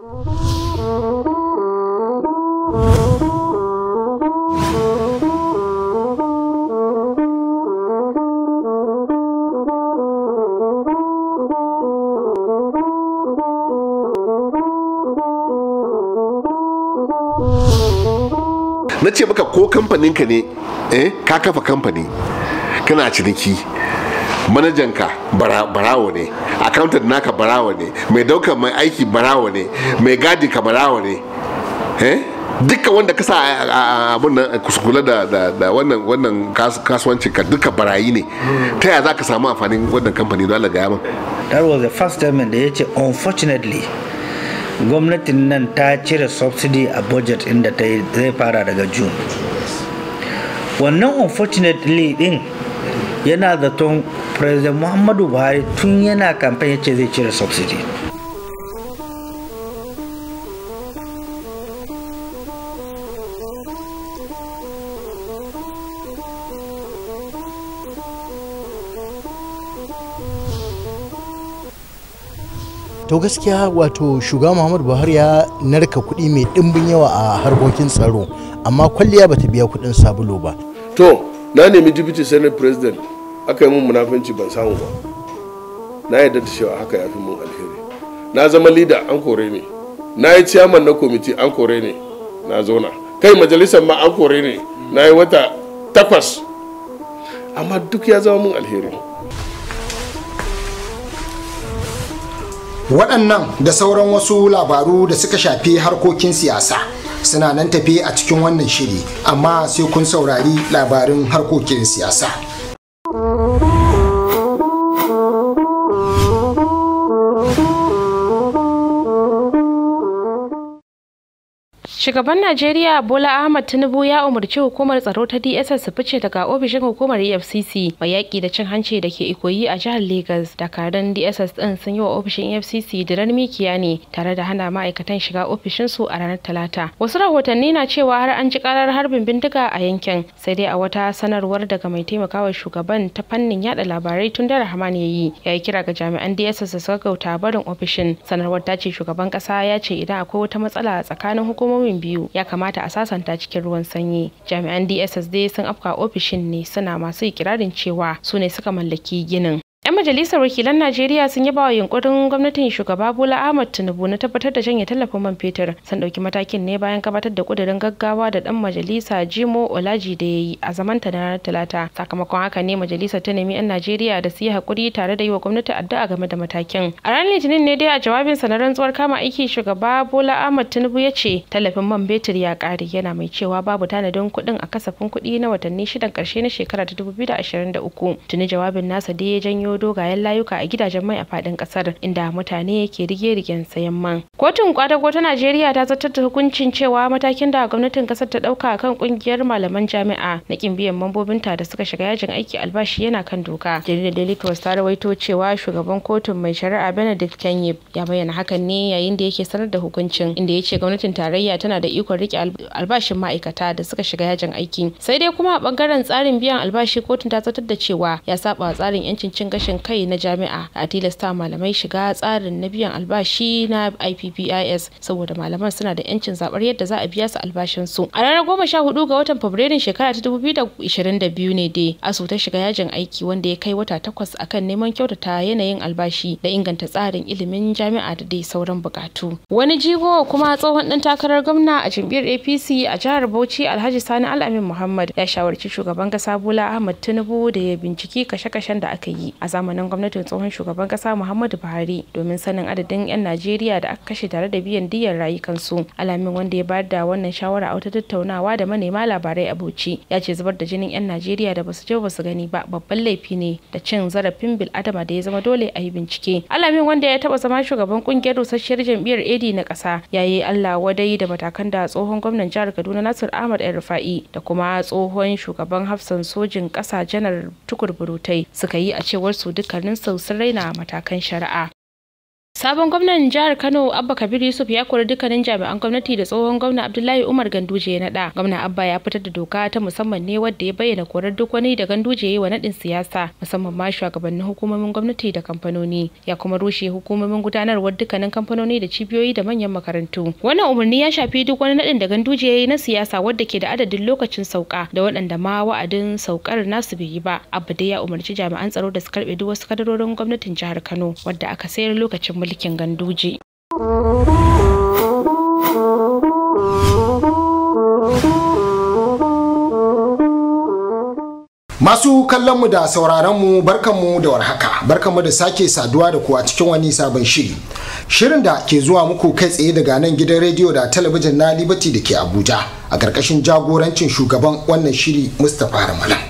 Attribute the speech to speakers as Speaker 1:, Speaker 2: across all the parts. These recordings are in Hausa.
Speaker 1: na
Speaker 2: ce maka ko kamfaninka ne eh ka kafa kamfani kana ciniki manajanka barawo ne accountant naka barawo ne mai daukar mai aiki barawo ne mai gadi ka barawo ne eh? duka wanda ka sa abun nan kula da wannan wannan kasuwanci ka duka barayi ne ta yaya za ka samu amfanin wannan kamfani don Allah gaya min
Speaker 3: that was the first time da ya ce unfortunately gwamnatin nan ta cire subsidy a budget inda ta zai fara daga june wannan unfortunately din yana da zaton president muhammadu buhari tun yana kamfen ce zai cire subsidy
Speaker 4: to gaskiya wato Shuga muhammadu buhari ya narka kuɗi mai ɗimbin yawa a harkokin tsaro amma kwalliya bata biya kuɗin sabulu ba
Speaker 5: to na nemi deputy senate president aka yi mun munafanci ban samu ba na yarda da cewa haka ya fi mun alheri na zama leader an kore ne na yi chairman na committee an kore ne na zauna kai majalisar ma an kore ne na yi wata takwas amma duk ya zama mun alheri waɗannan da sauran wasu
Speaker 6: labaru da suka shafi harkokin siyasa suna nan tafe a cikin wannan shiri amma sai kun saurari labarin harkokin siyasa.
Speaker 1: Shugaban Najeriya Bola Ahmad Tinubu ya umarci hukumar tsaro ta DSS su fice daga ofishin hukumar EFCC mai yaƙi da cin hanci da ke ikoyi a jihar Lagos. Dakarun DSS ɗin sun yi wa ofishin EFCC dirar mikiya ne tare da hana ma'aikatan shiga ofishin su a ranar Talata. Wasu rahotanni na cewa har an ji karar harbin bindiga a yankin sai dai a wata sanarwar daga mai taimakawa shugaban ta fannin yada labarai tun da Rahman ya yi ya yi kira ga jami'an DSS su gauta barin ofishin. Sanarwar ta ce shugaban ƙasa ya ce idan akwai wata matsala tsakanin hukumomi bangarorin biyu ya kamata a sasanta cikin ruwan sanyi jami'an dss dai sun afka ofishin ne suna masu ikirarin cewa su ne suka mallaki ginin 'Yan majalisar wakilan Najeriya sun yaba wa yunkurin gwamnatin shugaba Bola Ahmad Tinubu na tabbatar da janye tallafin man fetur. Sun ɗauki matakin ne bayan gabatar da kudirin gaggawa da dan majalisa Jimo Olaji da ya yi a ta na Talata. Sakamakon haka ne majalisar ta nemi 'yan Najeriya da su yi hakuri tare da yi wa gwamnati addu'a game da matakin. A ranar Litinin ne dai a sa na rantsuwar kama aiki shugaba Bola Ahmad Tinubu ya ce tallafin man fetur ya kare yana mai cewa babu tanadin kuɗin a kasafin kuɗi na watanni shidan ƙarshe na shekara ta 2023. Tuni jawabin nasa dai ya janyo dogayen layuka a gidajen mai a faɗin ƙasar inda mutane ke rige-rigen sayan man. Kotun kwadago ta Najeriya ta zartar da hukuncin cewa matakin da gwamnatin kasar ta ɗauka kan ƙungiyar malaman jami'a na ƙin biyan mambobinta da suka shiga yajin aiki albashi yana kan doka. Jaridar Daily Trust ta rawaito cewa shugaban kotun mai shari'a Benedict Kenyib ya bayyana hakan ne yayin da yake sanar da hukuncin inda ya ce gwamnatin tarayya tana da ikon rike albashin ma'aikata da suka shiga yajin aiki. Sai dai kuma a bangaren tsarin biyan albashi kotun ta zartar da cewa ya saba tsarin 'yancin cin rashin kai na jami'a a tilasta malamai shiga tsarin na biyan albashi na IPPIS saboda malaman suna da 'yancin zabar yadda za a biya su albashin su. A ranar goma sha hudu ga watan Fabrairun shekara ta dubu biyu da da biyu ne dai asu ta shiga yajin aiki wanda ya kai wata takwas a kan neman kyautata yanayin albashi da inganta tsarin ilimin jami'a da dai sauran bukatu. Wani jigo kuma tsohon ɗan takarar gwamna a jam'iyyar APC a jihar Bauchi Alhaji Sani Al'amin Muhammad ya shawarci shugaban kasa Bola Ahmad Tinubu da ya binciki kashe-kashen da aka yi a zamanin gwamnatin tsohon shugaban kasa Muhammadu Buhari domin sanin adadin 'yan Najeriya da aka kashe tare da biyan diyyar rayukansu. Alamin wanda ya bayar da wannan shawara a wata tattaunawa da manema labarai a Bauchi ya ce zubar da jinin 'yan Najeriya da basu je basu gani ba babban laifi ne da cin zarafin bil adama da ya zama dole a yi bincike. Alamin wanda ya taba zama shugaban kungiyar rusasshiyar jam'iyyar AD na kasa ya yi Allah wadai da matakan da tsohon gwamnan jihar Kaduna Nasir Ahmad El Rufa'i da kuma tsohon shugaban hafsan sojin kasa janar Tukur Burutai suka yi a cewar su dukkanin su sun raina matakan shari'a Sabon gwamnan jihar Kano Abba Kabir Yusuf ya kori dukkanin jami'an gwamnati da tsohon gwamna Abdullahi Umar Ganduje ya naɗa. Gwamna Abba ya fitar da doka ta musamman ne wadda ya bayyana korar duk wani da Ganduje ya yi wa naɗin siyasa musamman ma shugabannin hukumomin gwamnati da kamfanoni ya kuma rushe hukumomin gudanarwar dukkanin kamfanoni da cibiyoyi da manyan makarantu. Wannan umarni ya shafi duk wani naɗin da Ganduje ya yi na siyasa wadda ke da adadin lokacin sauka da waɗanda ma wa'adin saukar nasu bai yi ba. Abba dai ya umarci jami'an tsaro da su karɓe duk wasu kadarorin gwamnatin jihar Kano wadda aka sayar lokacin mulkin ganduje
Speaker 6: Masu kallonmu da sauraronmu barkanmu da warhaka, barkanmu da sake saduwa da kuwa, cikin wani sabon shiri. Shirin da ke zuwa muku kai tsaye daga nan gidan rediyo da talabijin na Liberty da ke Abuja a ƙarƙashin jagorancin shugaban wannan shiri Mustapha Ramalan.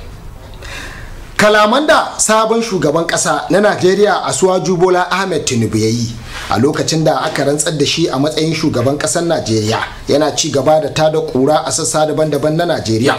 Speaker 6: kalaman da sabon shugaban kasa na najeriya asuwaju jubola ahmed tinubu ya yi a lokacin da aka rantsar da shi a matsayin shugaban kasar najeriya yana ci gaba da tada kura a sassa daban-daban na najeriya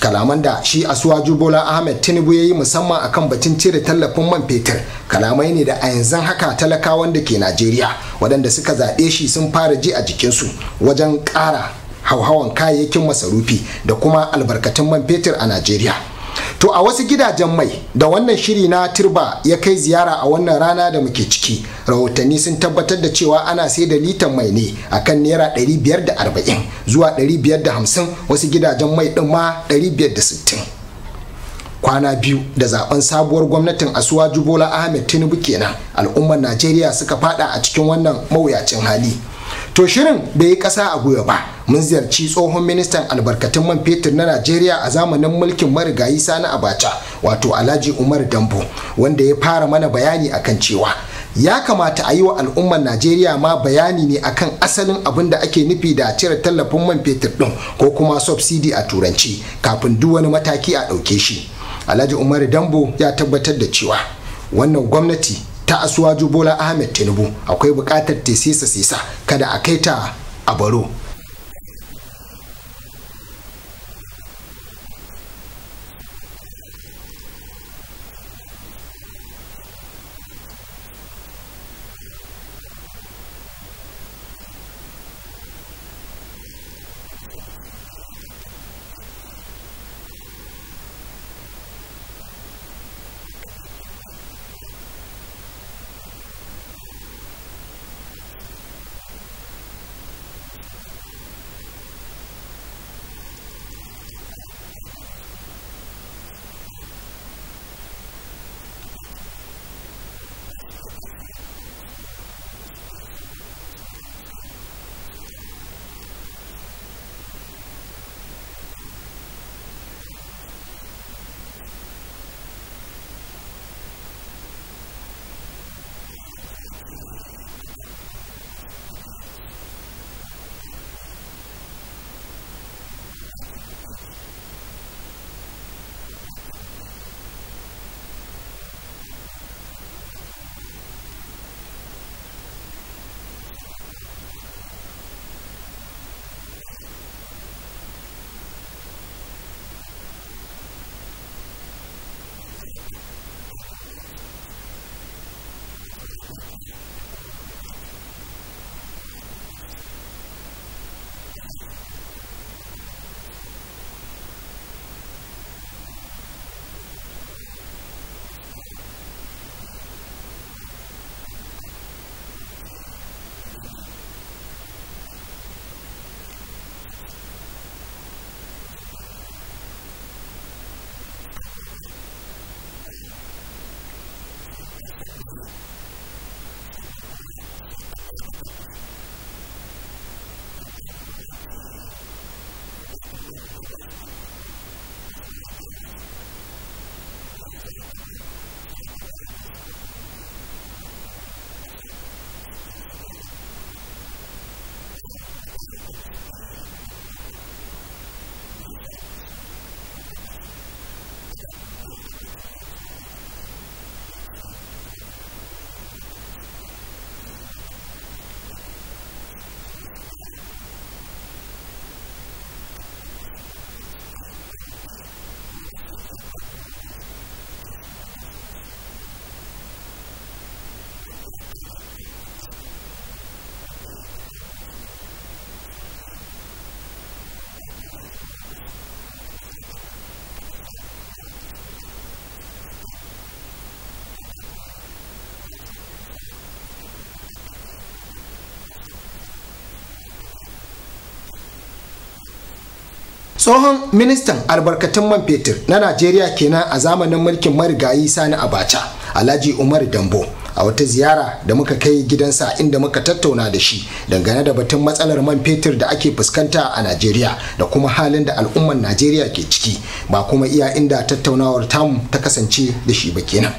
Speaker 6: kalaman da shi asuwaju jubola ahmed tinubu ya yi musamman akan batun cire tallafin man fetur kalamai ne da a yanzu haka talakawan da ke najeriya waɗanda suka zaɓe shi sun fara ji a jikinsu wajen ƙara hauhawan kayayyakin masarufi da kuma albarkatun man fetur a najeriya to a wasu gidajen mai da wannan shiri na turba ya kai ziyara a wannan rana da muke ciki rahotanni sun tabbatar da cewa ana sai da litan mai ne akan naira 540 zuwa 550 wasu gidajen mai ɗin ma 560 kwana biyu da zaben sabuwar gwamnatin asuwa Jubola ahmed tinubu kenan al'ummar najeriya suka fada a cikin wannan mawuyacin hali to shirin bai yi kasa a gwiwa ba mun ziyarci tsohon ministan albarkatun man fetur na najeriya a zamanin mulkin marigayi sani abacha wato alhaji umar dambo wanda ya fara mana bayani akan cewa ya kamata a yi wa al'ummar najeriya ma bayani ne akan asalin abin da ake nufi da cire tallafin man fetur ɗin ko kuma subsidi a turanci kafin duk wani mataki a ɗauke shi alhaji umar dambo ya tabbatar da cewa wannan gwamnati ta asuwaju bola ahmed tinubu akwai buƙatar ta sisa sisa kada a kai ta a baro tsohon ministan albarkatun man fetur na najeriya kenan a zamanin mulkin marigayi sani abacha alhaji umar dambo a wata ziyara da muka kai gidansa inda muka tattauna da shi dangane da batun matsalar man fetur da ake fuskanta a najeriya da kuma halin da al'ummar najeriya ke ciki ba kuma iya inda tattaunawar tamu ta kasance da shi ba kenan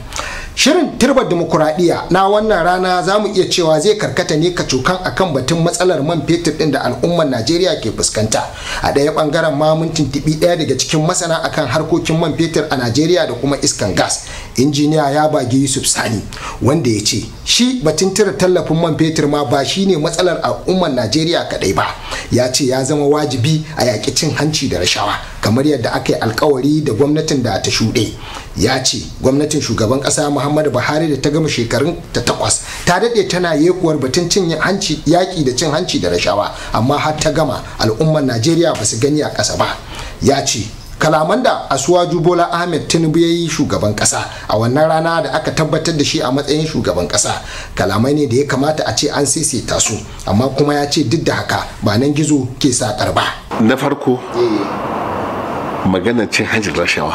Speaker 6: Shirin turbar demokuraɗiyya na wannan rana za mu iya cewa zai karkata ne kacokan kan batun matsalar man fetur ɗin da al'ummar Najeriya ke fuskanta. A ɗaya ɓangaren ma mun tuntuɓi ɗaya daga cikin masana akan harkokin man fetur a Najeriya da kuma iskan gas. Injiniya ya bagi Yusuf Sani wanda ya ce shi batun tura tallafin man fetur ma ba shi ne matsalar al'ummar Najeriya kaɗai ba. Ya ce ya zama wajibi a yaƙi cin hanci da rashawa. kamar yadda aka yi alkawari da gwamnatin da ta shuɗe ya ce gwamnatin shugaban ƙasa muhammadu buhari da ta gama shekarun ta takwas ta daɗe tana yekuwar batun cin hanci yaƙi da cin hanci da rashawa amma har ta gama al'ummar najeriya ba su gani a ƙasa ba ya ce kalaman da asuwaju bola ahmed tinubu ya yi shugaban ƙasa a wannan rana da aka tabbatar da shi a matsayin shugaban ƙasa kalamai ne da ya kamata a ce an saisaita su amma kuma ya ce duk da haka ba nan gizo ke sakar ba
Speaker 2: na farko eh. magana cin hajjin rashawa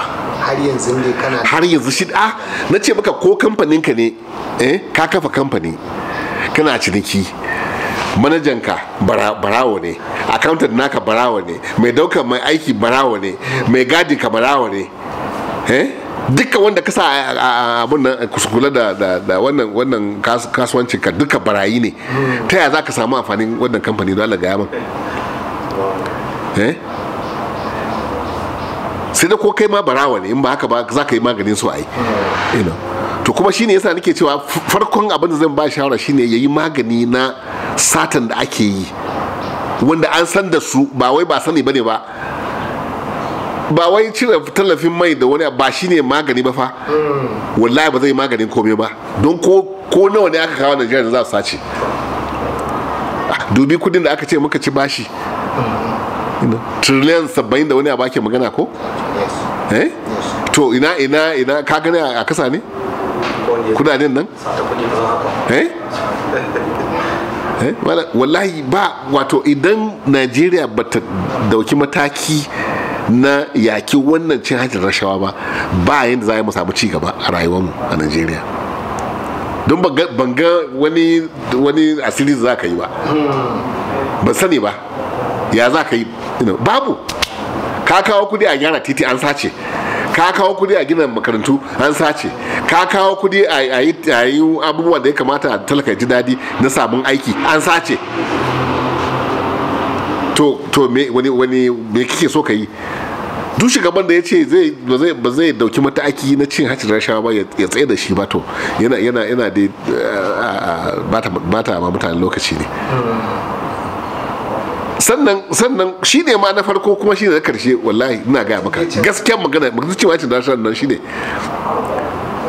Speaker 2: har yanzu ne kana har yanzu shi a ah, na ce maka ko kamfanin ka ne eh ka kafa kamfani kana ciniki manajanka barawo ne accountant naka barawo ne mai daukar mai aiki barawo ne mai gadi ka barawo ne eh duka wanda ka sa abun nan kula da wannan wannan kasuwanci ka duka barayi ne hmm. ta yaya za ka samu amfanin wannan kamfani don Allah ga yaman eh sai da ko kai ma barawa ne in ba haka ba za ka yi maganin su ai to kuma shine yasa nake cewa farkon abin da zan ba shawara shine yayi magani na satan da ake yi wanda an san da su ba wai ba sani bane ba ba wai cire tallafin mai da wani ba shine magani ba fa
Speaker 6: mm.
Speaker 2: wallahi ba zai maganin komai ba don ko nawa ne aka kawo Najeriya da za su sace ah, dubi kudin da aka ce muka ci bashi mm. trillion sabbin da wani a baki magana ko? eh? to ina ina ina ka gani a kasa ne? kudaden nan? eh? eh? wallahi ba wato idan najeriya ba ta dauki mataki na yaki wannan cin hajjin rashawa ba ba yadda za a yi mu samu cigaba a rayuwarmu a najeriya don ban ga wani asiri za ka yi ba hmm. ban sani ba ya za ka yi babu ka kawo kudi a gyara titi an sace ka kawo kudi a gina makarantu an sace ka kawo kudi a yi abubuwa da ya kamata a talaka ji dadi na samun aiki an sace to me wani wani me kike so ka yi duk shugaban da ya ce zai ba zai dauki mataki na cin hacin rashawa ba ya tsaye da shi ba to yana yana yana da eh, eh, eh, bata ma mutane lokaci ne sannan sannan shine ma na farko kuma shine na karshe wallahi ina gaya maka gaskiyar magana magana cewa ce na nan shine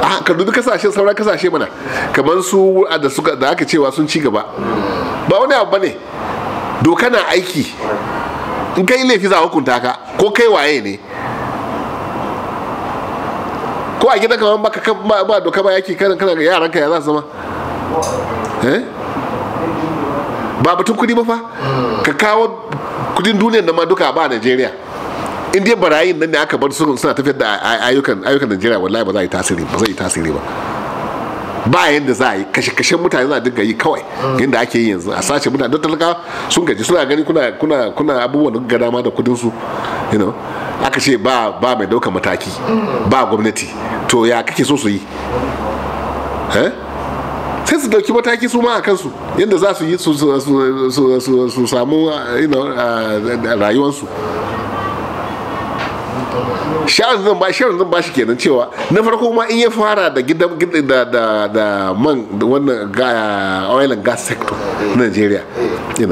Speaker 2: a ka dubi kasashe sauran kasashe mana kamar su da suka da aka cewa sun ci gaba ba wani abu bane doka na aiki in kai laifi za a hukunta ka ko kai waye ne ko a gidan kamar baka ba doka ba yake kana kana yaranka ya za su zama eh ba batun kudi ba fa ka kawo kudin duniyar da ma duka ba najeriya in dai barayin nan ne aka bar su suna tafiyar da ayyukan ayyukan najeriya wallahi ba za a yi tasiri ba a yi tasiri ba ba yadda za a yi kashe-kashen mutane za a dinga yi kawai yadda ake yi yanzu a sace mutane don talaka sun gaji suna gani kuna kuna kuna abubuwan ga dama da kudin su you aka ce ba ba mai dauka mataki ba gwamnati to ya kake so su yi eh sai su dauki mataki su ma a kansu yadda za su yi su samu rayuwarsu sha'an zan ba zan ba shi kenan cewa na farko ma in ya fara da gidan da da da man wannan oil and gas sector na Nigeria you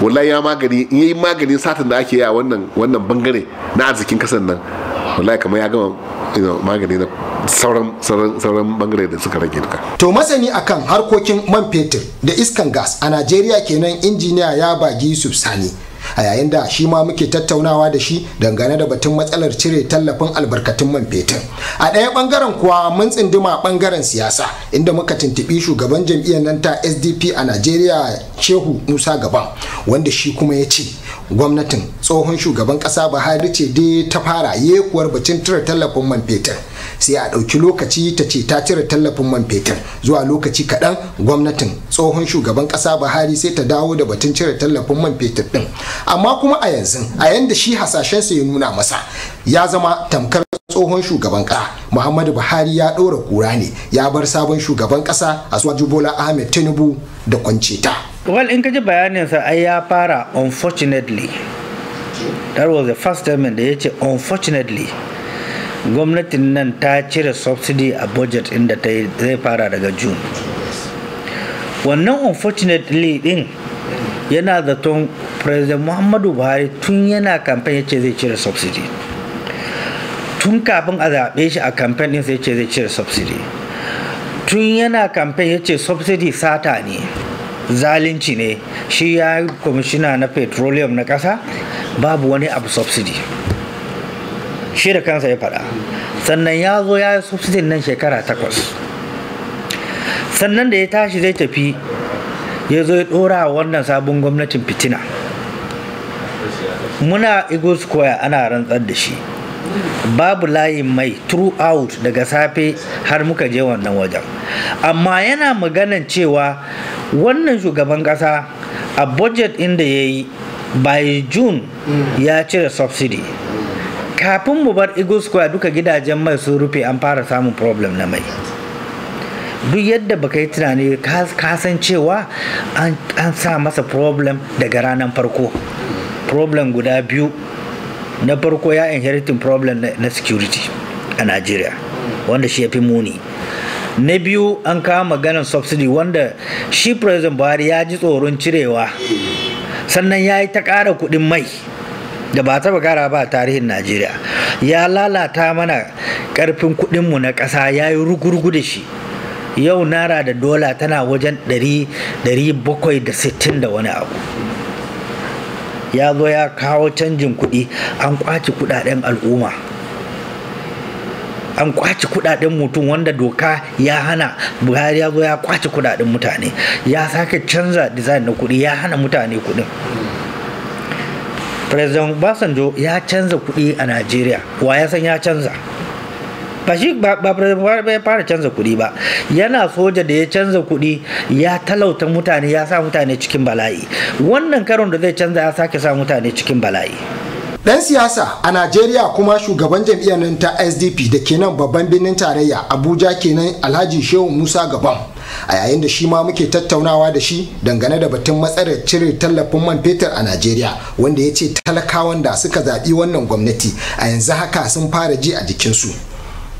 Speaker 2: wallahi ya magani in yi maganin satin da ake yi a wannan wannan bangare na arzikin kasar nan wallahi kamar ya gama magani na sauran sauran sauran bangare da suka rage duka
Speaker 6: to masani akan harkokin man fetur da iskan gas a Najeriya kenan injiniya ya bagi Yusuf Sani a yayin da shi ma muke tattaunawa da shi dangane da batun matsalar cire tallafin albarkatun man fetur a ɗaya bangaren kuwa mun tsinduma ɓangaren siyasa inda muka tuntuɓi shugaban jam'iyyar nan ta sdp a najeriya shehu musa gaban wanda shi kuma ya ce gwamnatin tsohon shugaban ƙasa buhari ce dai ta fara yekuwar batun cire tallafin man fetur sai a ɗauki lokaci ta ce ta cire tallafin man fetur zuwa lokaci kaɗan gwamnatin tsohon shugaban ƙasa buhari sai ta dawo da batun cire tallafin man fetur ɗin amma kuma a yanzu a yanda shi hasashensa ya nuna masa ya zama tamkar tsohon shugaban ƙasa muhammadu buhari ya ɗora kura ne
Speaker 3: ya bar sabon shugaban ƙasa asuwaju bola ahmed tinubu da kwance ta well in ka ji bayaninsa ai ya fara unfortunately that was the first statement da ya ce unfortunately gwamnatin nan ta cire subsidy a budget inda ta zai fara daga june wannan unfortunately din yana zaton president muhammadu buhari tun yana kamfen ya ce zai cire subsidy tun kafin a zaɓe shi a kamfen ɗin sai ce zai cire subsidy tun yana kamfen ya ce subsidy sata ne zalunci ne shi ya yi kwamishina na petroleum na ƙasa babu wani abu subsidy shi da kansa ya faɗa sannan ya zo ya yi subsidin nan shekara takwas sannan da ya tashi zai tafi ya zo ya ɗora wannan sabon gwamnatin fitina muna eagles square ana rantsar da shi babu layin mai throughout daga safe har muka je wannan wajen amma yana maganan cewa wannan shugaban ƙasa a budget inda ya yi by june ya cire subsidy kafin mu bar eagle square duka gidajen mai sun rufe an fara samun problem na mai duk yadda baka yi tunani ka san cewa an sa masa problem daga ranar farko problem guda biyu na farko ya inheriting problem na security a nigeria wanda shi ya fi muni na biyu an kawo maganar subsidy wanda shi president buhari ya ji tsoron cirewa sannan ya yi ta ƙara kuɗin mai da ba taɓa gara ba a tarihin najeriya ya lalata mana ƙarfin kuɗinmu na ƙasa ya yi rugurgu da shi yau nara da dola tana wajen 760 da wani abu ya zo ya kawo canjin kuɗi an kwaci kuɗaɗen al'umma an kwaci kudaden mutum wanda doka ya hana buhari ya zo ya kwaci kudaden mutane ya sake canza design na kudi ya hana mutane kudin president basanjo ya canza kuɗi a najeriya wa ya san ya canza ba shi ba ba ya fara canza kuɗi ba yana soja da ya canza kuɗi ya talauta mutane ya sa mutane cikin bala'i wannan karon da zai canza ya sake sa mutane cikin bala'i Dan siyasa a
Speaker 6: Najeriya kuma shugaban jam'iyyar ta SDP da ke nan babban birnin tarayya Abuja kenan Alhaji Shehu Musa Gaban a yayin da shi ma muke tattaunawa da shi dangane da batun matsalar cire tallafin man fetur a najeriya wanda ya ce talakawan da suka zaɓi wannan gwamnati a yanzu haka sun fara ji a jikinsu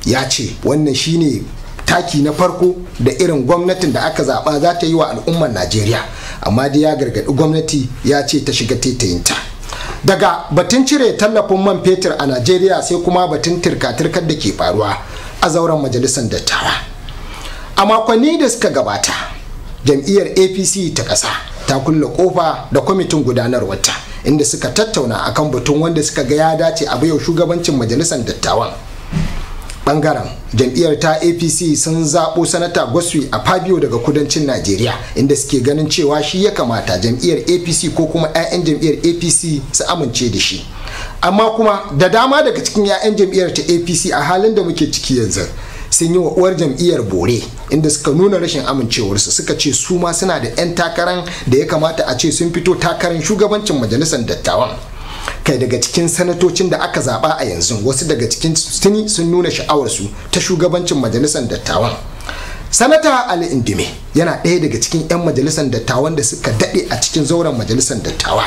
Speaker 6: ya ce wannan shine taki na farko da irin gwamnatin da aka zaɓa za ta yi wa al'ummar najeriya amma dai ya gargaɗi gwamnati ya ce ta shiga taitayinta daga batun cire tallafin man fetur a najeriya sai kuma batun tirka-tirkar da ke faruwa a zauren majalisar dattawa a makonni da suka gabata jam'iyyar apc ta ƙasa ta kulle kofa da kwamitin gudanarwarta inda suka tattauna akan batun wanda suka ga ya dace a yau shugabancin majalisar dattawan bangaren jam'iyyar ta apc sun zaɓo sanata goswi a fabio daga kudancin najeriya inda suke ganin cewa shi ya kamata jam'iyyar apc ko kuma 'ya'yan jam'iyyar apc su amince da shi amma kuma da dama daga cikin 'ya'yan jam'iyyar ta apc a halin da muke ciki yanzu sun yi wa uwar jam'iyyar bore inda suka nuna rashin amincewarsu suka ce su ma suna da 'yan takaran da ya kamata a ce sun fito takarar shugabancin majalisar dattawan kai daga cikin sanatocin da aka zaba a yanzu wasu daga cikin tuni sun nuna sha'awarsu ta shugabancin majalisar dattawan sanata ali indime yana ɗaya daga cikin 'yan majalisar dattawan da suka daɗe a cikin zauren majalisar dattawa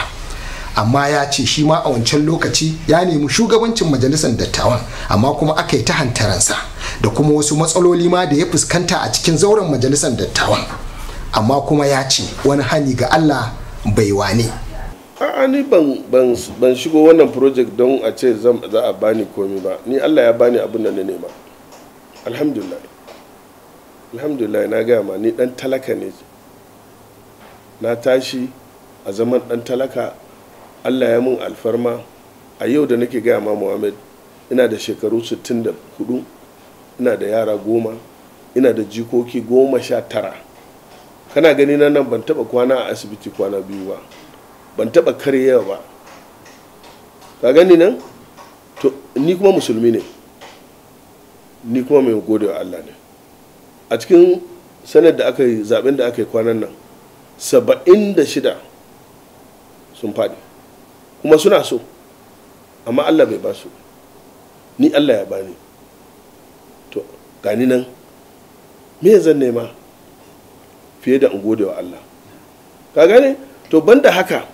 Speaker 6: amma ya ce shi ma a wancan lokaci ya nemi shugabancin majalisar dattawan amma kuma aka yi ta hantaransa da kuma wasu matsaloli ma da ya fuskanta a cikin zauren majalisar dattawan amma kuma ya ce wani hani ga Allah bai wane.
Speaker 5: a'a ni ban shigo wannan project don a ce za a bani komi ba ni Allah ya bani abin da na nema alhamdulillah alhamdulillah na gaya ma ni dan talaka ne na tashi a zaman dan talaka allah ya mun alfarma a yau da nake gaya ma muhammad ina da shekaru 64 ina da yara goma ina da jikoki goma sha tara kana gani nan ban taba kwana a asibiti kwana biyu ba ban taba karyewa ba ka gani nan to ni kuma musulmi ne ni kuma mai gode wa allah ne a cikin sanar da aka yi zaben da aka yi kwanan nan saba'in da shida sun faɗi kuma suna so amma allah bai ba su ni allah ya bani to gani nan me zan nema fiye da in gode wa allah ka gane to banda haka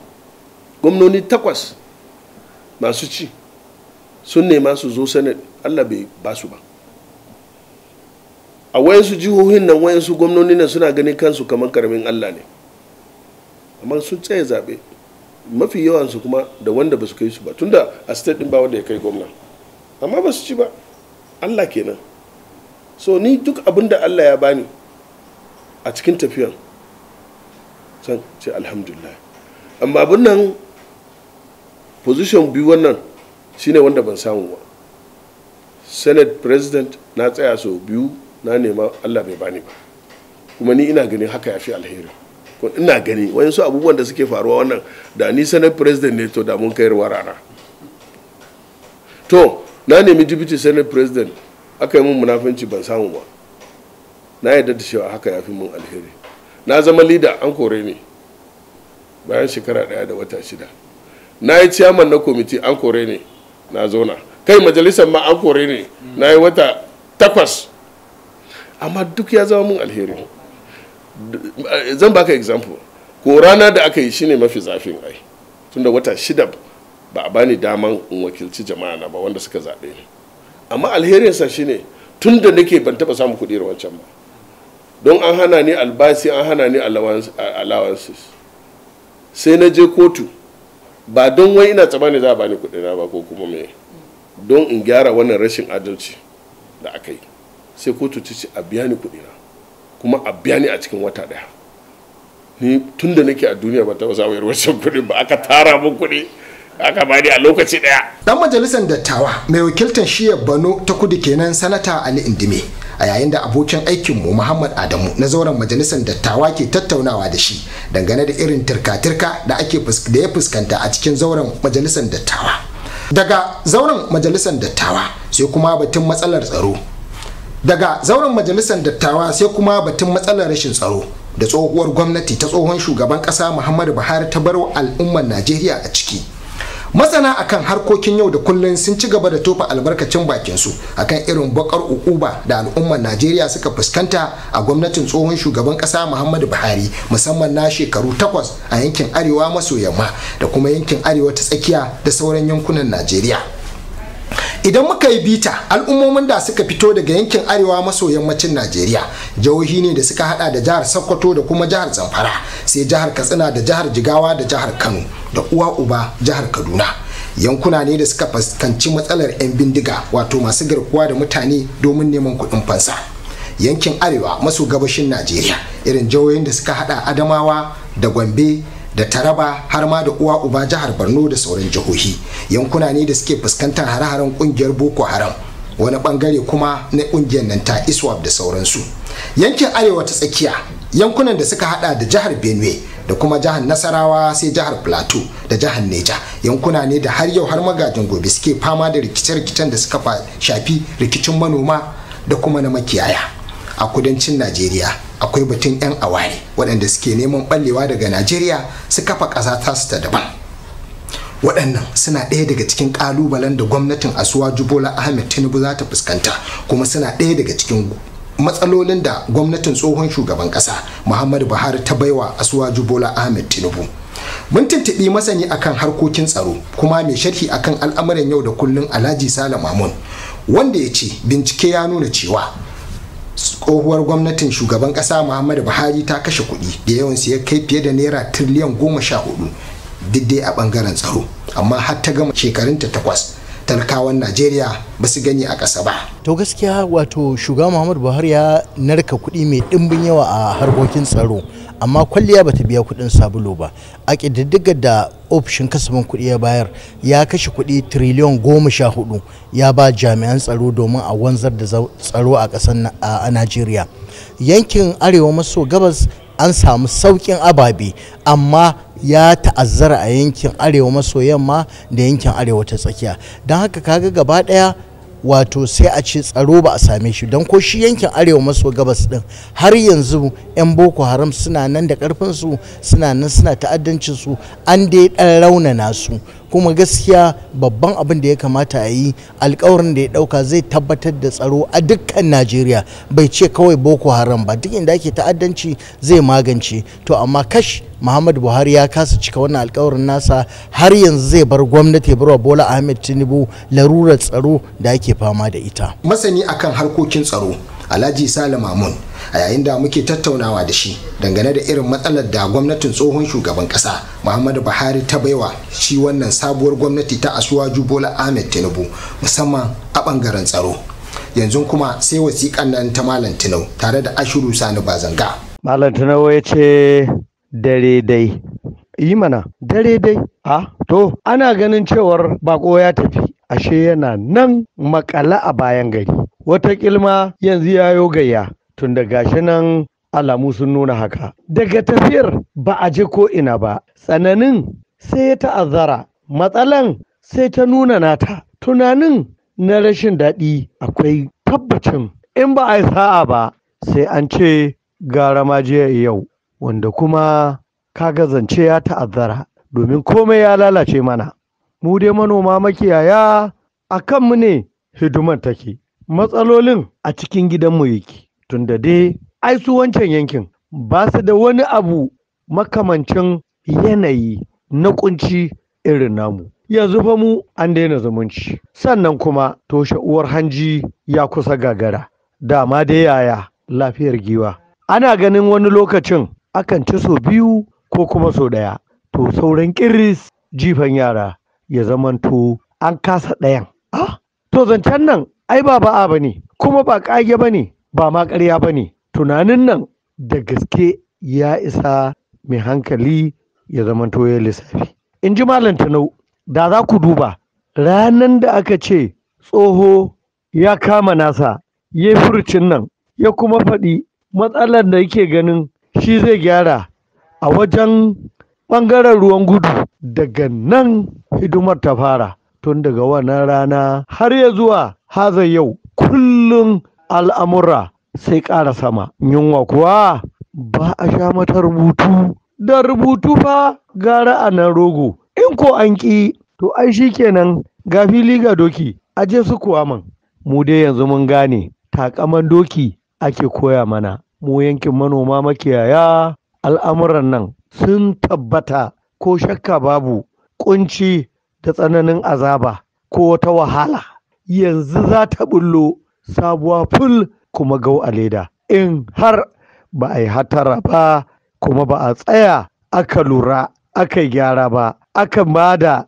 Speaker 5: gwamnoni takwas masu ci sun nema su zo senate allah bai ba su ba a wayansu jihohin nan wayansu gwamnoni nan suna ganin kansu kamar karamin allah ne amma sun tsaye zaɓe mafi yawansu kuma da wanda ba su kai su ba tunda a state din ba wanda ya kai gwamna amma ba su ci ba allah kenan so ni duk abin da allah ya bani a cikin tafiyan san ce alhamdulillah amma abin nan position biyu wannan shine wanda ban samu ba senate president na tsaya sau biyu na nema allah bai bani ba kuma ni ina ganin haka ya fi alheri ina gani su abubuwan da suke faruwa wannan da ni senate president ne to da mun kai rana to na nemi deputy senate president aka yi mun munafanci ban samu ba na yarda da cewa haka ya fi mun alheri na zama leader an kore ne bayan shekara daya da wata shida na yi chairman na kwamiti an kore ne na zona kai majalisar ma an kore ne na yi wata takwas amma duk ya zama mun alheri zan baka example ko rana da aka yi shine mafi zafin ai tunda wata shida ba a bani daman in wakilci jama'a na ba wanda suka zaɓe ni amma alherinsa shine tun da nake ban taɓa samun kuɗi da wancan ba don an hana ni albasi an hana ni allowances sai na je kotu ba don wai ina ne za a bani kuɗi na ba ko kuma me don in gyara wannan rashin adalci da aka yi sai kotu ta ce a biya ni kuɗi na kuma a biya ni a cikin wata daya ni tun da nake a duniya ba ta wayar yarwacin kuɗi ba aka tara mu kuɗi aka bani a lokaci daya dan majalisar
Speaker 6: dattawa mai wakiltar shiyar bano ta kudu kenan sanata ali indime a yayin da abokin aikinmu muhammad adamu na zauren majalisar dattawa ke tattaunawa da shi dangane da irin tirka-tirka da ake da ya fuskanta a cikin zauren majalisar dattawa daga zauren majalisar dattawa sai kuma batun matsalar tsaro daga zauren majalisar dattawa sai kuma batun matsalar rashin tsaro da tsohuwar gwamnati ta tsohon shugaban kasa muhammadu buhari ta baro al'ummar najeriya a ciki masana akan harkokin yau da kullun sun ci gaba da tofa albarkacin bakinsu akan irin bakar ukuba da al'ummar najeriya suka fuskanta a gwamnatin tsohon shugaban kasa muhammadu buhari musamman na shekaru takwas a yankin arewa maso yamma da kuma yankin arewa ta tsakiya da sauran yankunan najeriya idan muka yi bita al'ummomin da suka fito daga yankin arewa maso yammacin najeriya jihohi ne da suka hada da jihar sokoto da kuma jihar zamfara sai jihar katsina da jihar jigawa da jihar kano da uwa uba jihar kaduna yankuna ne da suka fuskanci matsalar 'yan bindiga wato masu garkuwa da mutane domin neman kuɗin fansa yankin arewa maso gabashin najeriya irin jihohin da suka hada adamawa da gombe da taraba har ma da uwa uba jihar borno da sauran jihohi yankuna ne da suke fuskantar hare-haren kungiyar boko haram wani bangare kuma na kungiyar nan ta iswap da sauransu yankin arewa ta tsakiya yankunan da suka hada da jihar benue da kuma jihar nasarawa sai jihar plateau da jihar neja yankuna ne da har yau har magajin gobe suke fama da rikice-rikicen da suka shafi rikicin manoma da kuma na makiyaya a kudancin najeriya akwai batun 'yan aware waɗanda suke neman ɓallewa daga najeriya su kafa ƙasa tasu ta daban waɗannan suna ɗaya daga cikin ƙalubalen da gwamnatin asuwa jubola ahmed tinubu za ta fuskanta kuma suna ɗaya daga cikin matsalolin da gwamnatin tsohon shugaban ƙasa muhammadu buhari ta baiwa asuwa jubola ahmed tinubu mun tuntuɓi masani akan harkokin tsaro kuma mai sharhi akan al'amuran yau da kullun alhaji sale mamun wanda ya ce bincike ya nuna cewa tsohuwar gwamnatin shugaban kasa muhammadu buhari ta kashe kuɗi da yawan ya kai fiye da naira tiriliyan goma sha hudu duk a ɓangaren tsaro amma har ta gama shekarunta takwas talakawan najeriya ba su gani a ƙasa ba
Speaker 4: to gaskiya wato shugaba muhammadu buhari ya narka kuɗi mai ɗimbin yawa a harkokin tsaro amma kwalliya bata biya kuɗin sabulu ba a ƙididdiga da ofishin kasafin kuɗi ya bayar ya kashe kuɗi tiriliyon goma sha hudu ya ba jami'an tsaro domin a wanzar da tsaro a ƙasar a najeriya yankin arewa maso gabas an samu sauƙin ababe amma ya ta'azzara a yankin arewa maso yamma da yankin arewa ta tsakiya don haka kaga gaba daya wato sai a ce tsaro ba a same shi don ko shi yankin arewa maso gabas din har yanzu 'yan boko haram suna nan da su suna nan suna su an dai dan raunana su kuma gaskiya babban abin da ya kamata a yi alkawarin da ya dauka zai tabbatar da tsaro a dukkan najeriya bai ce kawai boko haram ba duk inda ake ta'addanci zai magance to amma kash muhammadu buhari ya kasa cika wannan alkawarin nasa har yanzu zai bar gwamnati barwa bola ahmed tinubu larurar tsaro da ake fama da ita
Speaker 6: masani akan harkokin tsaro alhaji sale mamun a yayin da muke tattaunawa da shi dangane da irin matsalar da gwamnatin tsohon shugaban kasa muhammadu buhari ta baiwa shi wannan sabuwar gwamnati ta asuwaju bola ahmed tinubu musamman a bangaren tsaro yanzu kuma sai wasiƙan nan ta malam tinubu tare da
Speaker 7: ashiru sani bazanga malam tinubu ya ce dare dai yi mana dare dai a ah, to ana ganin cewar bako ya tafi ashe yana nan makala a bayan gari wata kilma yanzu ya yo gayya tun da gashi nan alamu sun nuna haka daga tafiyar ba a je ko ina ba tsananin sai ya ta'azzara matsalan sai ta nuna nata tunanin na rashin daɗi akwai tabbacin in ba a yi sa'a ba sai an ce gara ma jiya yau wanda kuma ka zance ya ta'azzara domin komai ya lalace mana mu dai manoma makiyaya a kanmu ne hidimar take matsalolin a cikin gidanmu yake tunda dai ai su wancan yankin ba su da wani abu makamancin yanayi na kunci irin namu yanzu fa mu an daina zumunci sannan kuma toshe uwar hanji ya kusa gagara dama dai yaya lafiyar giwa ana ganin wani lokacin akan ci sau biyu ko kuma sau ɗaya to sauran ƙiris jifan yara ya zamanto an kasa ɗayan ah to zancen nan ai ba ba'a ba ne kuma ba ƙage ba ne ba ma ƙarya ba ne tunanin nan da gaske ya isa mai hankali ya zamanto ya lissafi in ji malam tanau da za ku duba ranan da aka ce tsoho ya kama nasa ya yi furcin nan ya kuma faɗi matsalar da yake ganin shi zai gyara a wajen ɓangaren ruwan gudu daga nan hidimar ta fara tun daga wannan rana har ya zuwa haza yau kullum al'amura sai ƙara sama yunwa kuwa ba a sha mata rubutu da rubutu fa gara a nan rogo in ko an ƙi to ai shi kenan ga fili ga doki aje su kuwa man mu dai yanzu mun gane takaman doki ake koya mana mu yankin manoma makiyaya al'amuran nan sun tabbata ko shakka babu kunci da tsananin azaba ko wata wahala yanzu za ta bullo sabuwa ful kuma gau a leda in har ba a yi hatara ba kuma ba a tsaya aka lura aka gyara ba aka ba da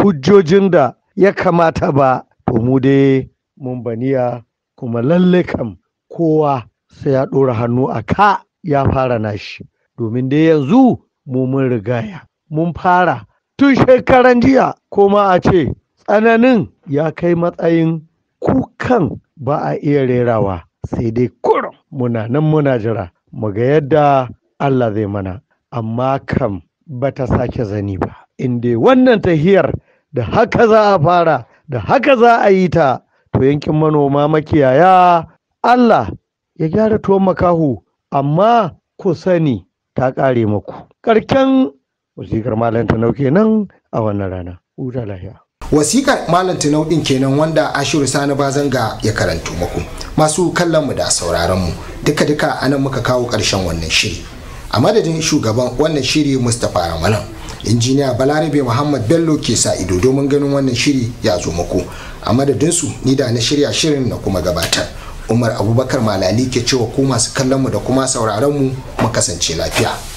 Speaker 7: hujjojin da ya kamata ba to mu dai mun baniya kuma lalle kam kowa sai ya ɗora hannu a ka ya fara nashi domin dai yanzu mu mun rigaya mun fara tun shekaran jiya ko ma a ce tsananin ya kai matsayin kukan ba a iya rerawa sai dai kurum muna nan muna jira mu ga yadda Allah zai mana amma kam ba ta sake zani ba inda wannan tahiyar da haka za a fara da haka za a yi ta to yankin manoma makiyaya Allah ya gyara tuwon makahu amma ku sani ta ƙare muku. karken wasikar malam tunau kenan a wannan rana huta lafiya wasikar malam tanau din kenan
Speaker 6: wanda ashiru sani bazanga ya karantu muku masu kallon mu da sauraron mu duka duka anan muka kawo karshen wannan shiri a madadin shugaban wannan shiri mustapha ramalan injiniya balarabe muhammad bello ke sa ido domin ganin wannan shiri ya zo muku a madadinsu ni da na shirya shirin na kuma gabatar umar abubakar malali ke cewa ku masu kallon mu da kuma sauraron mu mu kasance lafiya